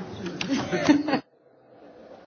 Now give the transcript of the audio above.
Hyvä.